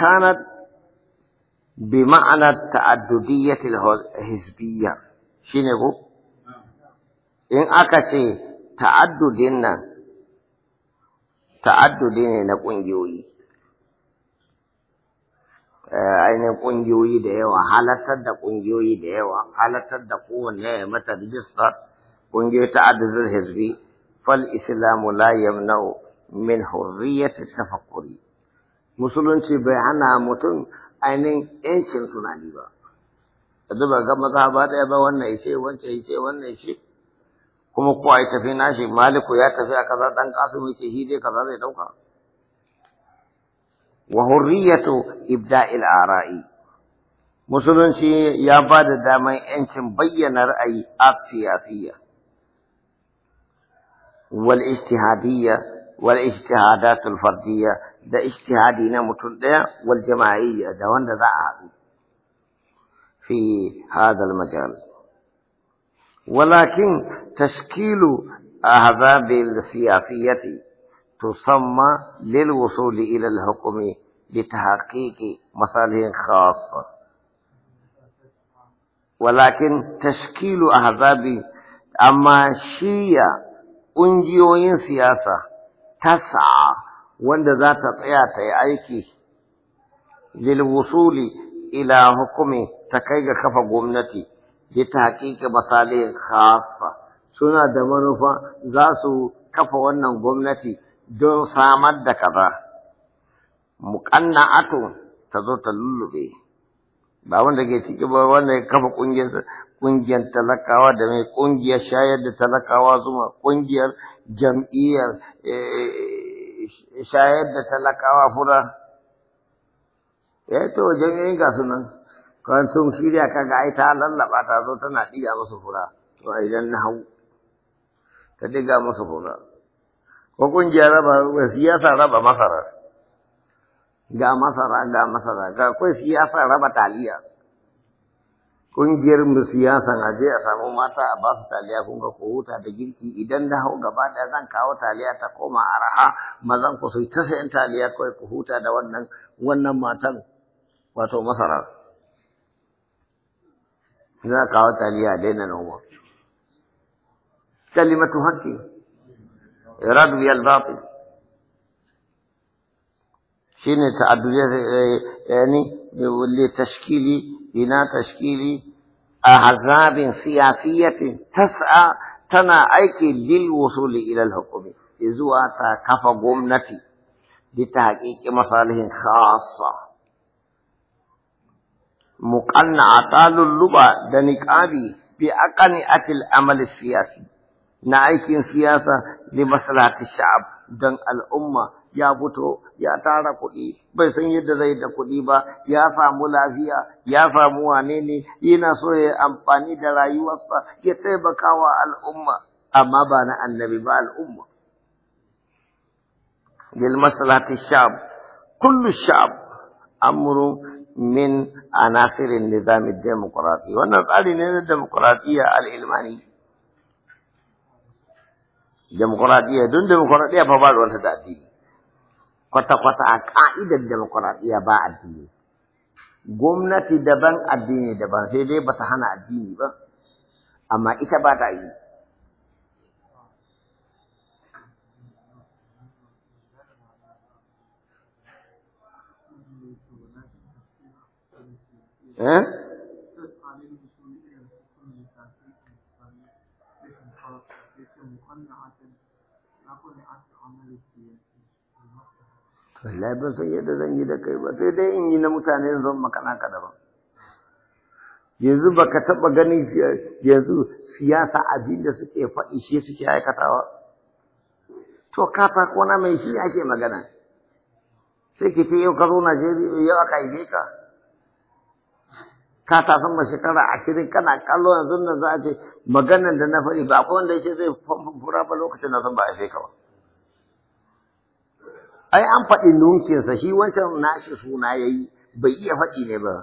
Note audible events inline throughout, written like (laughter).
كانت بمعنى التعددية الهزبية شنو هو؟ إن أكشي تعددنا تعددنا نكون جوي آه، أين يكون جوي ديوة حالة تدى كون جوي ديوة حالة تدى كون هي إيه، متى بجسر كون جوي تعدد الحزبي فالإسلام لا يمنع من حرية التفكري musulunci bai hana mutum ainihin yancin tunani ba yanzu ba ga maza ba ɗaya ba wannan ya ce wancan ya wannan ya kuma kowa ya tafi nashi maliku ya tafi a kaza ɗan kasu ya ce hide kaza zai ɗauka wa hurriyatu ibda'il ara'i musulunci ya ba da daman yancin bayyana ra'ayi a siyasiyya wal ijtihadiyya wal da ijtihadi na mutum daya wal jama'iyya da wanda za a haɗu fi al majal walakin tashkilu lil wusuli ila al إلى li لتحقيق masalih خاصة walakin tashkilu ahzab amma shiya ungiyoyin siyasa تسعى wanda za ta tsaya ta yi aiki lilwusuli ila hukumi ta kai ga kafa gwamnati bi ta haƙiƙa misali khasa suna da manufa za su kafa wannan gwamnati don samar da kaza muƙanna'atu ta zo ta lullube ba wanda ke ciki ba wanda ya kafa ƙungiyar ƙungiyar talakawa da mai ƙungiyar shayar da talakawa zuma ƙungiyar jam'iyyar eh, shayar da talakawa fura ya eh to jami'in gasu nan. kan sun shirya kaga ai ta lallaba ta zo tana ɗiga musu fura to idan na hau ta ɗiga musu fura ko kungiya raba siyasa raba masara ga masara ga masara ga akwai siyasa raba taliya Ƙungiyar mu siyasan a je a samu mata a ba su taliya kun ga ko huta da girki idan na hau gaba ɗaya zan kawo taliya ta koma araha mazan ku su ta sayan taliya kawai ku huta da wannan wannan matan wato masara. Za a kawo taliya a daina noma. Kalimatu haƙƙi. Iradu biyal batil. Shi ne ta'addu yani eh, eh, li tashkili إلى تشكيل أحزاب سياسية تسعى تنا أيك للوصول إلى الحكم إذو آتا كفا قمنتي لتحقيق مصالح خاصة مقنع طال اللبا دنك دنكابي بأقنعة الأمل السياسي نعيك سياسة لمصلحة الشعب دن الأمة ya fito ya tara kuɗi bai san yadda zai da kuɗi ba ya samu lafiya ya samu wane ne yana so ya amfani da rayuwarsa ya taimaka wa al'umma amma ba na annabi ba al'umma bil maslahati shab kullu shab amru min anasirin nizamin demokrati wannan tsari ne na demokratiya al demokratiya don demokratiya fa ba da wata daɗi? kwata-kwata a ka'idar demokuraɗiyya ba addini. Gwamnati daban addini daban sai dai ba ta hana addini ba, amma ita ba ta yi. Eh? wallahi ban san yadda zan yi da kai ba sai dai in yi na mutane zan makana ka ba. yanzu baka taɓa ganin yanzu siyasa abin da suke faɗi shi suke aikatawa to ta kona mai shi ake magana sai ki ce yau ka zo Najeriya yau aka yi ka ka ta san shekara ashirin kana kallo yanzu nan za a ce maganan da na faɗi ba akwai wanda ya ce zai fura ba lokacin da zan ba a ka ba ai an faɗi nunkinsa shi wancan nashi suna ya yi bai iya faɗi ne ba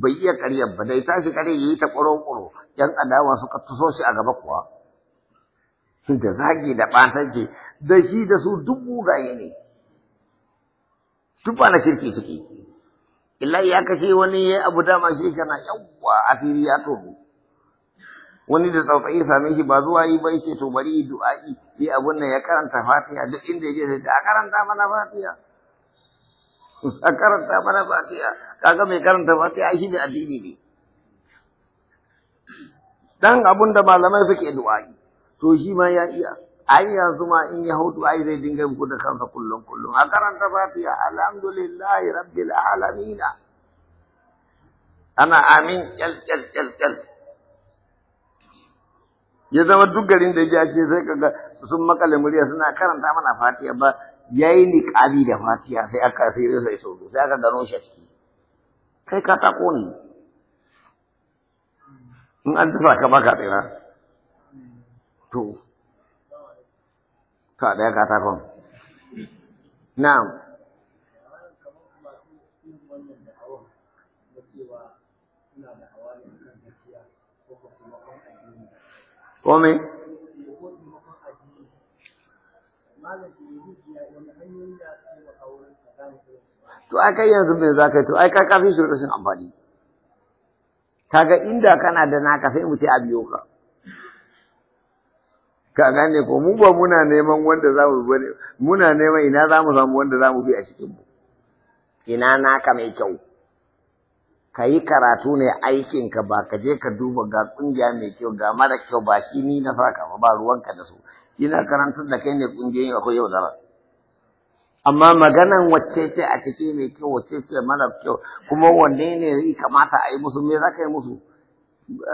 bai iya ƙaryar ba dai tashi ƙarya ya yi ta ƙoro ‘yan adawa suka tuso shi a gaba kuwa da zagi da ɓatanke, da shi da su duk mugaye ne duk na kirki suke illa ya kashe wani ya abu dama shi kana yawwa asiri ya tobe. wani da tsautsayi ya same shi ba zuwa yi bai ce to bari yi du'a'i yi abun nan ya karanta fatiha duk inda ya je sai a karanta mana fatiha (laughs) a karanta mana fatiha kaga mai karanta fatiha shi ne addini ne dan abun da malamai suke du'a'i to shi ma ya iya ai yanzu ma in ya hutu ai zai dinga muku da kansa kullum kullum a karanta fatiha alhamdulillahi rabbil alamin ana amin kyal kyal kyal kyal ya zama duk garin da ya ce sai kaga sun makale murya suna karanta mana fatiha ba yayi kabi da fatiha sai aka sai sai so sai aka gano shi ciki kai ka ta ne in an dafa ka baka tsira to ka da ka takon na'am ko me to ai kai yanzu me za ka to ai ka kafi shi rashin amfani kaga inda kana da naka sai mu ce a biyo ka ka gane ko mu ba muna neman wanda za mu muna neman ina za mu samu wanda za mu bi a cikin mu ina naka mai kyau ka yi karatu ne aikinka ba ka je ka duba ga kungiya mai kyau ga mara kyau ba shi ni na saka ba ba ruwanka da su ina karantar da kai ne yau akwai yau zara amma maganan wacce ce a ciki mai kyau wacce ce mara kyau kuma wanne ne zai kamata a yi musu me za ka yi musu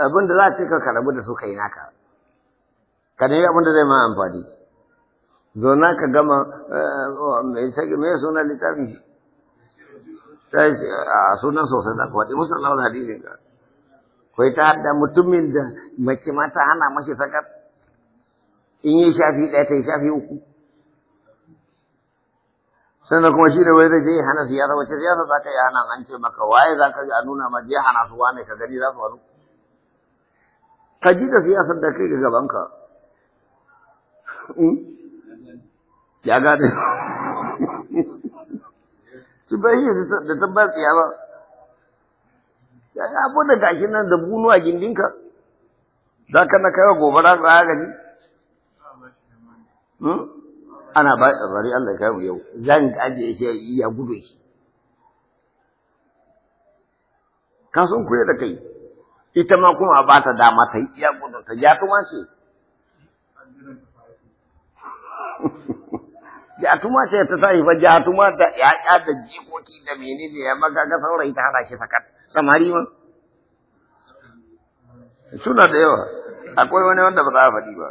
abin da za a ce ka karabu da su ka yi naka ka nemi abin da zai ma amfani zo na ka gama eh, mai suna littafin sai a sunan sosai da kwaɗi musu Allah da hadisin ka kai ta da mutumin da mace ma ta hana mashi sakat in yi shafi ɗaya ta yi shafi uku sannan kuma shi da wai zai je ya hana siyasa wace siyasa za ka yi hana an ce maka waye za ka yi a nuna ma je hana su wane ka gani za su wani ka ji da siyasar da kai hmm? ga gabanka ya gane su bai yi da tabbar tsiya ba ya abu da gashi nan da bunu a gindinka za ka na kawo gobara za ka gani hmm? ana ba bari Allah ya kawo yau zan ajiye shi ya gudu shi Kan sun kuye da kai ita ma kuma a bata dama ta yi iya gudu ta ja shi. atuma ce ta tashi ba jatuma da ya'ya da jikoki da menene ya maga ga saurayi ta hada shi sakat samari ma suna da yawa akwai wani wanda ba za a faɗi ba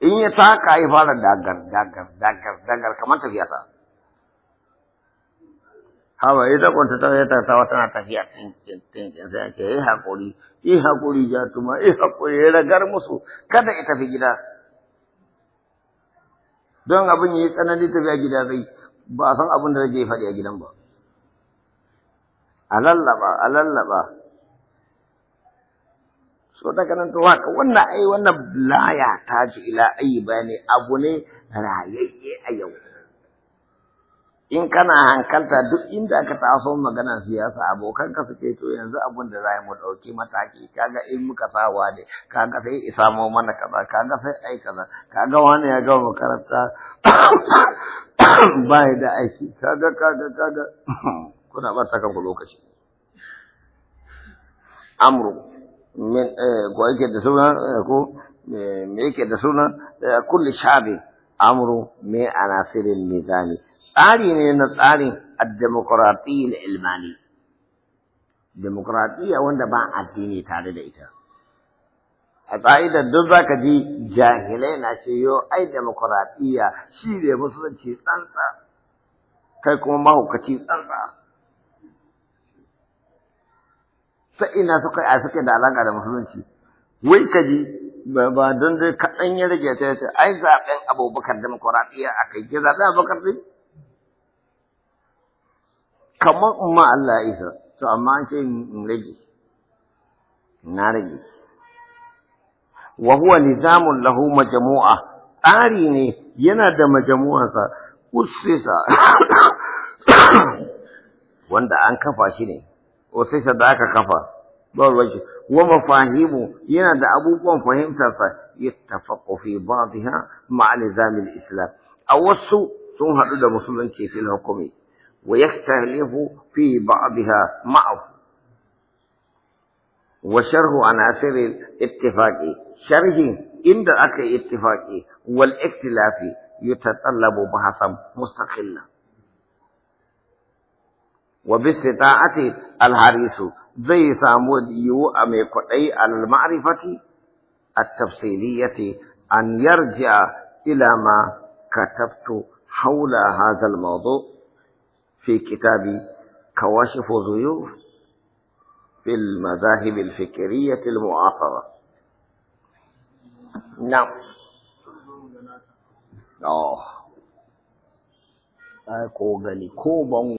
in ya ka yi fara dagar dagar dagar dagar kamar tafiya ta hawa ita kwanta ta ta ta tana tafiya tinkin sai ake yi eh, hakuri yi eh, hakuri tuma yi eh, hakuri ya ragar musu kada ita tafi gida don abin ya yi tsanani tafiya gida zai ba a san abin da zai faɗi a gidan ba a lallaba a lallaba so daga nan to haka wannan ai wannan laya ta ji ila ayi bane abu ne rayayye a yau in kana hankalta duk inda aka taso magana siyasa abokan ka suke to yanzu abun da za mu ɗauki mataki kaga in muka sawa ne kaga sai isa mu mana kaza kaga sai ai kaza kaga wani ya ga makaranta (coughs) bai da aiki kaga kaga kaga (coughs) kuna ba sakan ku lokaci amru min eh, ko yake da suna eh, ko me yake da suna eh, kulli shabi amru me anasirin mizani tsari ne na tsarin al-demokratiyyar ilmani demokratiya wanda ba addini tare da ita a ƙa'idar duk za ka ji jahilai na ce yo ai demokratiya shi ne musulunci tsantsa kai kuma mahaukaci tsantsa Sa’i ina suka a suke da alaƙa da musulunci wai ka ji ba don dai kaɗan ya rage ta yace ai zaɓen abubakar demokratiya a kai ke zaɓen abubakar dai. كما أمة الله إذا تأمى شيء نجي نرجع وهو نظام له مجموعة أريني ينادى مجموعة سا أسسا وندا أن كفا شيء أسسا ذاك كفا بقول وجه ومفاهيم ينادى أبو قوم فهم سا يتفق في بعضها مع نظام الإسلام أوسو سون هذا مسلم كيف الحكومي ويختلف في بعضها معه وشره عناصر الاتفاق شره عند الاكل الاتفاق والاختلاف يتطلب بحثا مستقلا وباستطاعة الحريص زي سامود يو أمي قطعي على المعرفة التفصيلية أن يرجع إلى ما كتبت حول هذا الموضوع في كتاب كواشف ضيوف في المذاهب الفكرية المعاصرة نعم آه ko آه،